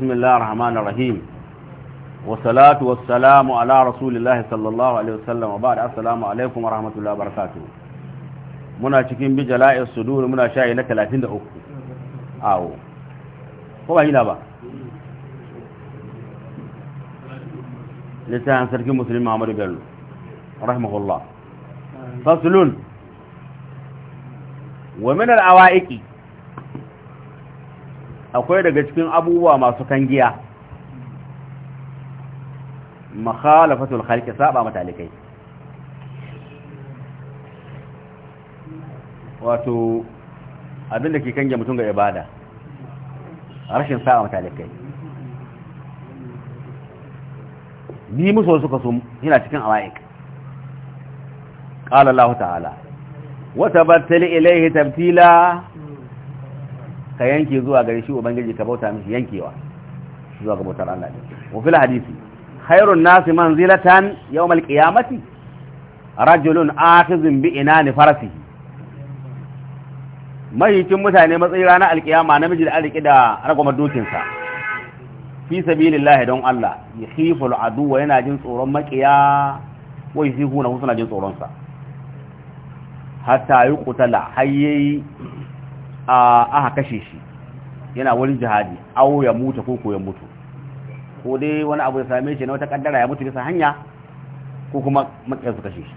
بسم الله الرحمن الرحيم والصلاة والسلام على رسول الله صلى الله عليه وسلم وبعد السلام عليكم ورحمة الله وبركاته منا شكين بجلاء الصدور منا شاي لك لكن دعوك أو هو هنا با لسه عن سرق مسلم عمر قال رحمه الله فصل ومن العوائق akwai daga cikin abubuwa masu kangiya makhalafatul khalqi saba matalikai wato abinda ke kange mutum ga ibada rashin saba matalikai bi musu suka sun yana cikin awa'ik qala Allah ta'ala wa tabattali ilayhi tabtila ka yanke zuwa gare shi ubangiji ka bauta mishi yankewa zuwa ga bautar Allah ne wa fil hadisi khairun nasi manzilatan yawm al-qiyamati rajulun akhizun bi inani farasihi mahicin mutane matsayi ranar alkiyama namiji da alƙi da ragwamar dokinsa fi sabilillahi don Allah ya khiful aduwa yana jin tsoron makiya wa yusihu na suna jin tsoronsa hatta yi kutala hayyayi aka kashe shi yana wurin jihadi awo ya mutu ko ya mutu ko dai wani abu ya same shi na wata kaddara ya mutu bisa hanya ko kuma makiyar su kashe shi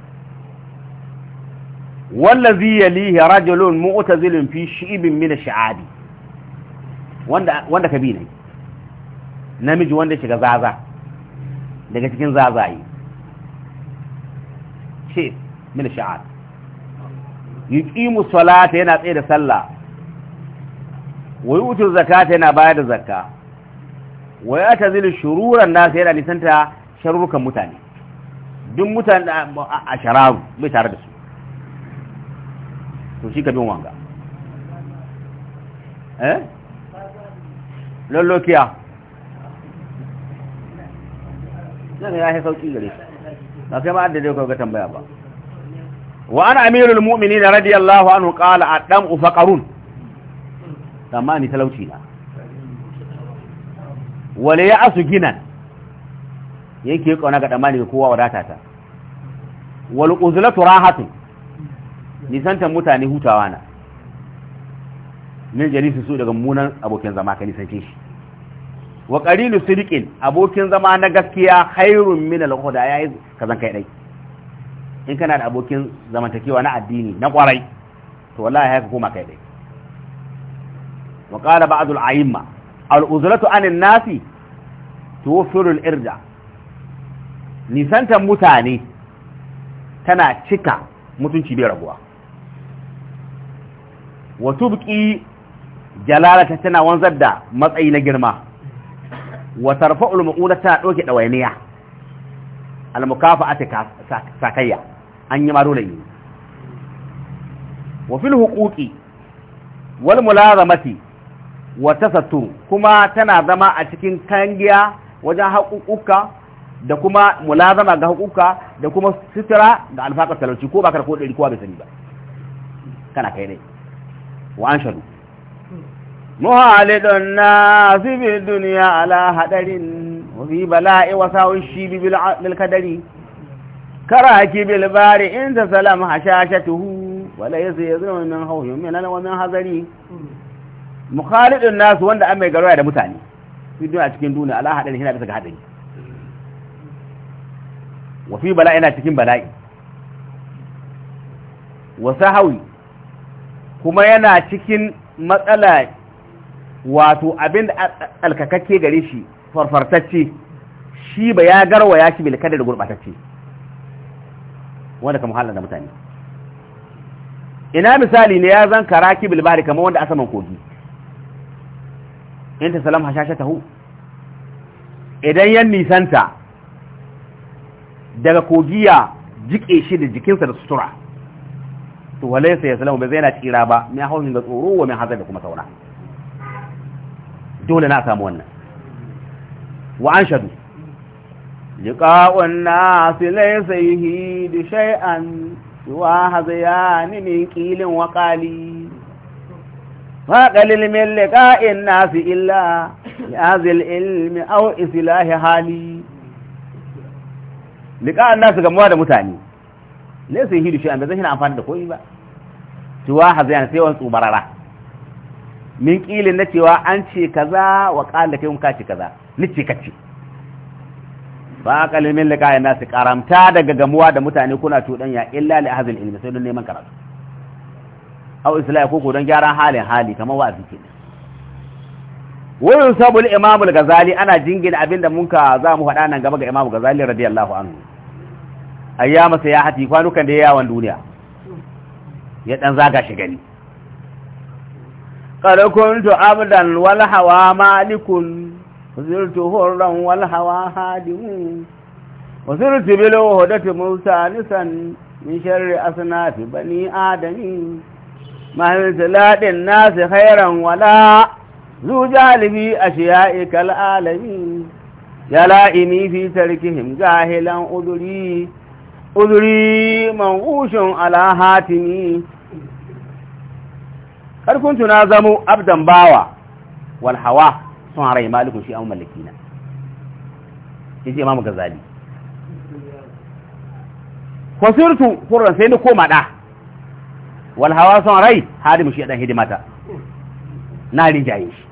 wallazi yalihi rajulun mu'tazilun fi shibin min ash-sha'abi wanda wanda kabi ne namiji wanda shiga zaza daga cikin zazaye shi min ash-sha'ab yuqimu salata yana tsaye da sallah wa yu'tu zakata yana bayar da zakka wa yatazilu shururan nasa yana nisanta sharrukan mutane duk mutane a sharabu bai tare da su to shi ka bin wanga eh lollokiya zan ya yi sauki gare shi ba kai ma da dai kawai tambaya ba wa ana amirul na radiyallahu anhu qala adam faqarun tsammani talauci na wale ya asu ginan yake kauna ga tsammani ga kowa wadata ta wal uzlatu hatin nisantan mutane hutawa na min jalisi su daga munan abokin zama ka nisan shi wa qalilu sidqin abokin zama na gaskiya hairun min al ya yi kazan kai dai in kana da abokin zamantakewa na addini na kwarai to wallahi haifu koma kai dai wa qala ba'd al-a'imma al-uzratu an an-nasi tuwaffiru al-irja nisantan mutane tana cika mutunci bai raguwa wa tubqi tana wanzar da matsayi na girma wa tarfa'ul ma'ula tana doke dawainiya al-mukafa'ati sakayya an yi maro da yi wa fil huquqi wal mulazamati wata sattu kuma tana zama a cikin kangiya wajen haƙuƙuka da kuma mulazama ga haƙuƙuka da kuma sutura ga alfaƙar talauci ko bakar ko ɗari kowa bai sani ba kana kai ne wa an shaɗu muhalidun na zibi duniya ala haɗarin wafi bala'i wasa wishi shi kadari karaki bil bari in ta salam hashashatuhu wala yasu ya zira min hauhin min alwamin hazari mukhalidun nasu wanda an mai garwaya da mutane fi duniya cikin duniya ala hadari yana bisa ga hadari wa fi bala'i na cikin bala'i wa sahawi kuma yana cikin matsala wato abin da alkakakke gare shi farfartacce shi ba ya garwa ya shi bil kadar gurbatacce wanda ka muhallin da mutane ina misali ne ya zan karaki bil bari kamar wanda asaman kogi in ta salam ta tahu idan yan nisanta daga kogiya jike shi da jikinsa da sutura to sai ya salamu bai zai na tsira ba mai hausin ga tsoro wa mai hazar da kuma saura dole na samu wannan wa an shadu liqa'un nasi laysa yihi bi shay'an wa hazayani min qilin wa qalin فقليل من لقاء الناس إلا لهذا العلم أو إصلاح hali. لقاء الناس gamuwa da mutane ne sai hidu shi an da zai amfani da koyi ba tuwa hazan sai wani tsubarara min kilin na cewa an ce kaza wa qala kai ka ce kaza ce kace ba ka liqa yana su karamta daga gamuwa da mutane kuna cuɗanya, ya illa li ahzil ilmi sai don neman karatu au islahi ko don gyaran halin hali kamar wa azike wurin sabul imamul gazali ana jingina abinda munka za mu faɗa nan gaba ga imamul gazali radiyallahu anhu ayyama sayahati kwanukan da yawan duniya ya dan zaga shi gani qad kuntu abdan wal hawa malikun zirtu hurran wal hawa hadimun وزرت بلوهدة موسى نسا من شر أصناف بني آدمين mamin silaɗin nasu khairan wala zu jalibi a shiya'i kal'alami ya la'ini fi tarkihim jahilan uzuri uduri man'ushin ala hatimi karkuntu na zamo abdan bawa wal hawa sun harai malikun shi an mallaki na yace imamu gazali Kwasirtu hurran sai ni koma da wal hawa son rai hadimu shi dan hidimata na rinjaye shi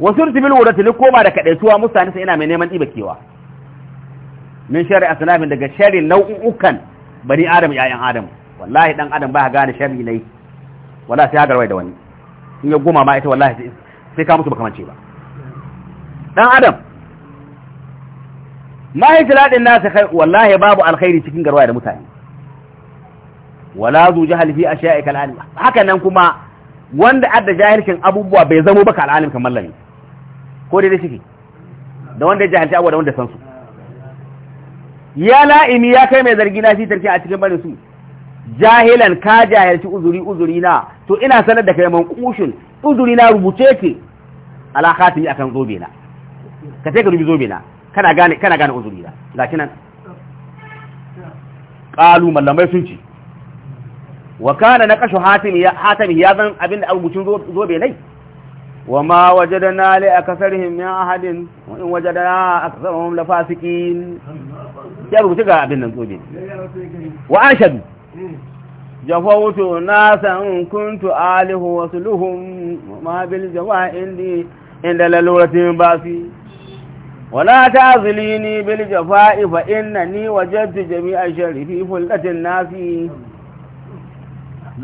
wasu rutubil wurati ni koma da kadaituwa mustani sai ina mai neman kewa min shari aslamin daga shari nau'ukan bani adam yayan adam wallahi dan adam ba gane shari ne wallahi sai hagarwai da wani in ya goma ma ita wallahi sai ka musu bakamance ba dan adam ma hijira din nasu wallahi babu alkhairi cikin garwaya da mutane wala zu jahal fi ashiya'i kal alim haka nan kuma wanda adda jahilkin abubuwa bai zamo ba kal alim kamar lami ko dai shi da wanda ya jahilci abubuwa da wanda san su ya la'imi ya kai mai zargi na shi tarki a cikin bani su jahilan ka jahilci uzuri uzuri na to ina sanar da kai manqushin uzuri na rubuce ke ala khatimi akan zobe na ka sai ka rubi zobe na kana gane kana gane uzuri na gashi qalu mallamai sun ce wa kana naqashu hatimi ya hatimi ya zan abinda abubucin zobe nai wa ma wajadna li akasarihim min ahadin wa in wajadna aksarahum la fasiqin ya rubuta ga abin nan zobe wa arshadu jafawtu nasan kuntu alihu wasluhum ma bil jawa'indi inda laluratin basi ولا تعذليني بالجفاء فإنني وجدت جميع شرفي فلة الناس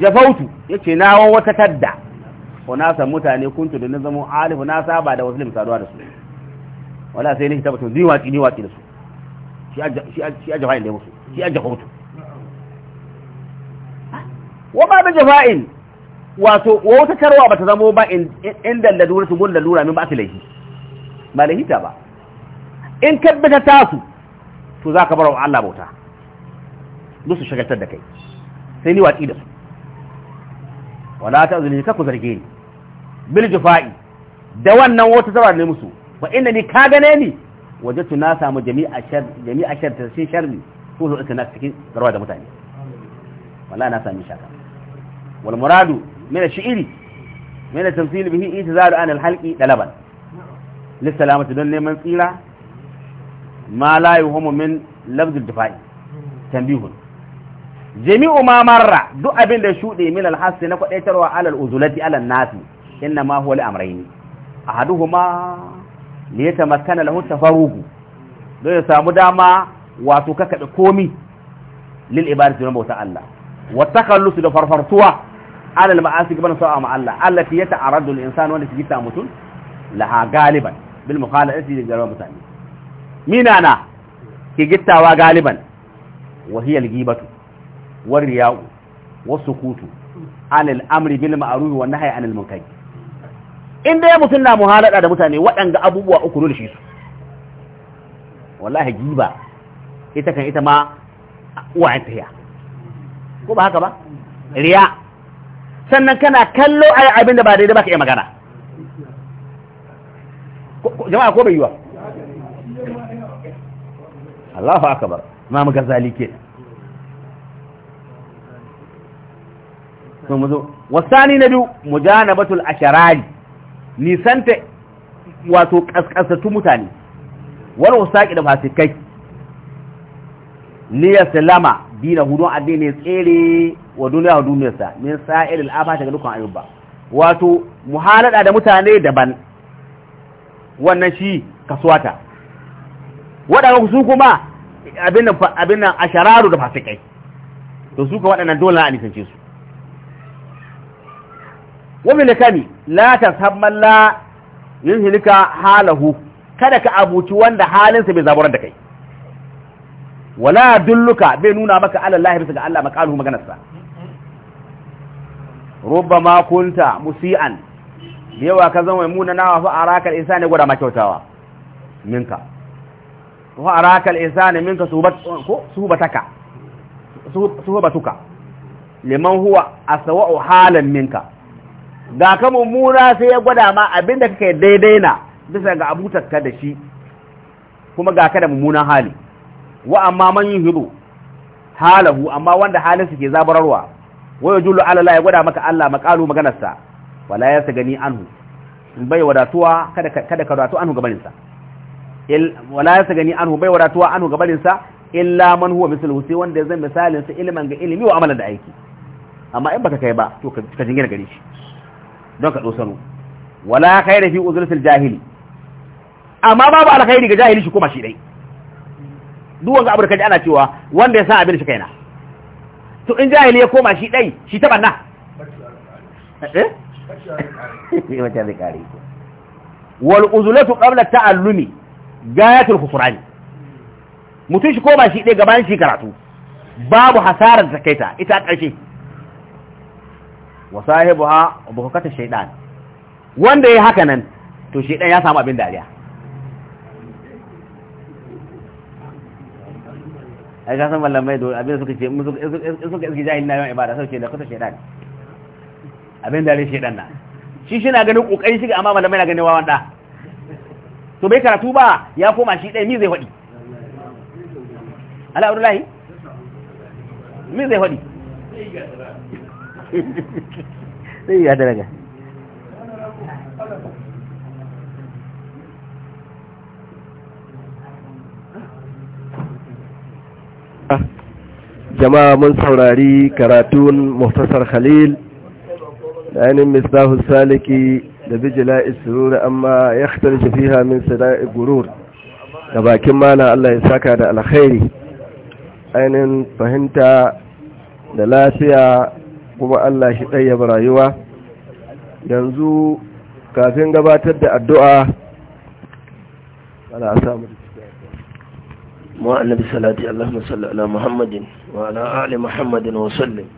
jafautu ya ce na wa wata tadda ko na san mutane kuntu da nazamu alifu na saba da wasu misaluwa da su wala sai ne tabbatun ni waki ni waki da su shi a jafa'in da musu shi a jafautu wa ba da jafa'in wato wa wata tarwa bata zamo ba in lalura su gun lalura min ba su laihi ba laihi ta ba in ta tasu to ka bar wa Allah bauta duk su shagaltar da kai sai ni waki da su wala ta zuli ka ku zarge ni bil jufa'i da wannan wata zaba ne musu fa inna ni ka gane ni wajatu na samu jami'a shar jami'a shar ta shi sharri ko zo ita cikin garwa da mutane wallahi na sami shaka wal muradu min ash-shi'ri min at-tamthil bihi itizaru an al-halqi dalaban lissalamati don neman tsira ma la yuhamu min lafzul difa'i tanbihun jami'u ma marra duk abin da shuɗe min alhassi na kwadaitarwa alal uzulati alal nasi inna ma huwa al-amrayni ahaduhuma li yatamakkana lahu tafarruqu don samu dama wato kakabe komi lil ibadati wa bauta Allah wa takhallus da farfartuwa alal ma'asi gaban a ma Allah allati yata'arradu al-insanu wanda sigita mutun laha galiban bil da mina na ki galiban wa hiya والرياو والسكوت wasu kutu بالمعروف amri عن المنكر ان nahyi anil in dai mutum na muhalada da mutane waɗanda abubuwa uku ne shi su wallahi giba ita kan ita ma ta tahiya ko ba haka ba riya sannan kana kallo ai abinda ba daidai ba ka iya magana jama'a ko bai yiwa Allahu akbar Imam Ghazali kenan to mu zo wasani na biyu mujanabatul asharari nisanta wato kaskasatu mutane wani wasaki da fasikai ni ya salama dina hudun addini tsere wa duniya wa sa min sa'il al'afa daga dukkan ayyuba wato muhalada da mutane daban wannan shi kasuwata waɗanda su kuma abin nan ashararu da fasikai to su ka wadannan dole na a nisance su wabil kami la tashamman la yunhilika halahu kada ka abuci wanda halinsa bai zaburar da kai wala dulluka bai nuna maka ala Allah bisa ga Allah makaluhu maganarsa rubbama kunta musian da yawa ka zama muna nawa fa arakal insani gwada makyautawa minka fa arakal insani minka subat ko subataka liman huwa aswa'u halan minka ga ka mummuna sai ya gwada ma da kake daidai na bisa ga abutarka da shi kuma ga ka da mummunan hali wa amma man yuhibu halahu amma wanda halin su ke zabararwa wa julu ala ya gwada maka Allah makalu maganarsa wala ya gani anhu bai wadatuwa kada kada ka wadatu anhu gabanin sa il wala ya gani anhu bai wadatuwa anhu gabanin sa illa man huwa misluhu sai wanda ya zama misalin sa ilimin ga ilimi wa amalan da aiki amma in baka kai ba to ka jingina gare shi don ka dosano wala khaira fi uzlatil jahili amma babu alkhairi ga jahili shi kuma shi dai duk wanda abu da kaji ana cewa wanda ya san abin shi kaina to in jahili ya koma shi dai shi ta banna eh wata zai kare wal uzlatu qabla ta'allumi gayatul khusran mutun shi koma shi dai gaban shi karatu babu hasarar zakaita ita karshe wa sahibuha bukata shaydan wanda yayi haka nan to shaydan ya samu abin dariya ai ga san mallamai da abin suka ce suka suka jahilin yawan ibada sau ce da kusa shaydan abin dariya shaydan na shi shi na ganin kokari shi ga amma malamai na ganin wawan da to bai karatu ba ya koma shi dai mi zai fadi ala abdullahi mi zai faɗi jama'a mun saurari karatun muhtasar khalil da ainihin misdahu saliki da bijila isrura amma ya fitarci fiha min sada'i gurur da bakin mana Allah ya saka da alkhairi ainihin fahimta da lafiya kuma Allah shi ɗayyaba rayuwa yanzu kafin gabatar da addu'a ana samu mu annabi salati Allahumma salli ala Muhammadin wa ala ali Muhammadin wa sallim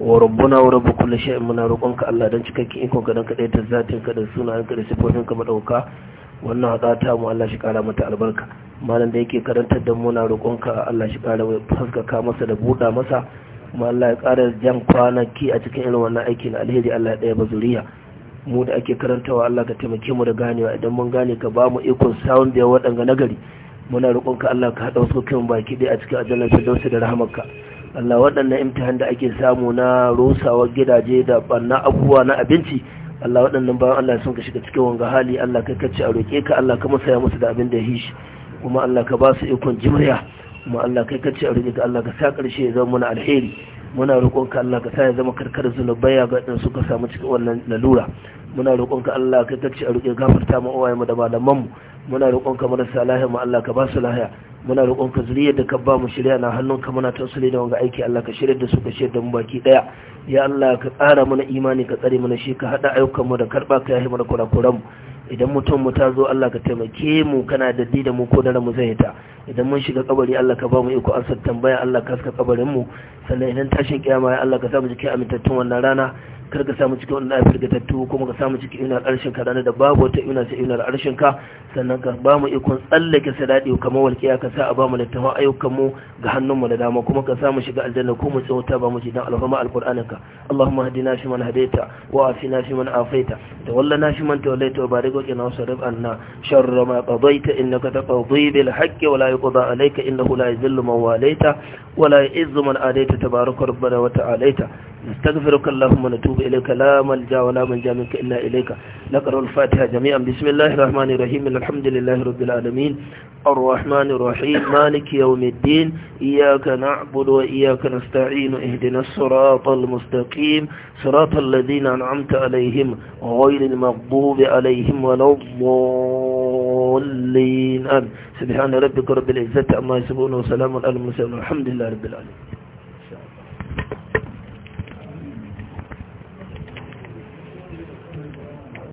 wa rabbuna wa rabbu kulli shay'in muna roƙonka Allah dan cikakken iko ka danka da zatin ka da sunan ka da sifofin ka madauka wannan hada ta mu Allah shi kara mata albarka malam da yake karantar da mu na roƙonka Allah shi kara haskaka masa da buɗa masa kuma Allah ya kara jan kwanaki a cikin irin wannan aikin alheri Allah ya ɗaya bazuriya mu da ake karantawa Allah ka taimake mu da ganewa idan mun gane ka ba mu ikon sound da wadanga nagari muna roƙonka Allah ka hada wasu kan baki dai a cikin ajalan da da ka. Allah waɗannan imtihan da ake samu na rusawar gidaje da banna abubuwa na abinci Allah waɗannan bayan Allah sun ka shiga cikin wanga hali Allah kai kacce a roƙe ka Allah ka ya musu da abin da hishi kuma Allah ka ba su ikon jimriya kuma Allah kai kacce a roƙe ka Allah ka sa ƙarshe ya zama mana alheri muna roƙonka Allah ka sa ya zama karkar zunubai ya ga ɗin suka samu cikin wannan lalura muna roƙonka Allah kai kacce a roƙe gafarta mu uwaye mu da malaman mu muna ka marasa lahiya mu Allah ka ba su lahiya muna roƙon ka zuriyar da ka ba mu shirya na hannunka muna tausale da wanga aiki Allah ka shirya da su ka shirya da mu baki ɗaya, ya Allah ka tsara mana imani ka tsare mana shi ka haɗa ayyukan mu da karba ka yahi mana kurakuran mu idan mutum mu ta zo Allah ka taimake mu kana da da mu ko da mu zai ta idan mun shiga kabari Allah ka ba mu iko an tambaya Allah ka saka kabarin mu sannan idan tashin kiyama ya Allah ka sa mu cikin amintattun wannan rana kar ka sa mu cikin wannan firgatattu kuma ka sa mu cikin inar arshin ka ranar da babu wata ina sai inar arshin ka sannan ka ba mu iko tsallake sadadi kamar walƙiya ka sa a ba mu littafin ayyukan mu ga hannun mu da dama kuma ka sa mu shiga aljanna ko mu tsawata ba mu jidan alfama alqur'aninka Allahumma hadina fi man hadaita wa afina fi man afaita tawallana fi man tawallaita wa النار وقنا وصرف عنا شر ما قضيت إنك تقضي بالحق ولا يقضى عليك إنه لا يذل من واليت ولا يئز من آليت تبارك ربنا وتعاليت نستغفرك اللهم ونتوب إليك لا ملجا ولا منجا منك إلا إليك نقرأ الفاتحة جميعا بسم الله الرحمن الرحيم الحمد لله رب العالمين الرحمن الرحيم مالك يوم الدين إياك نعبد وإياك نستعين اهدنا الصراط المستقيم صراط الذين أنعمت عليهم غير المغضوب عليهم ولا الضالين سبحان ربك رب العزة أما يسبون وسلام على المرسلين الحمد لله رب العالمين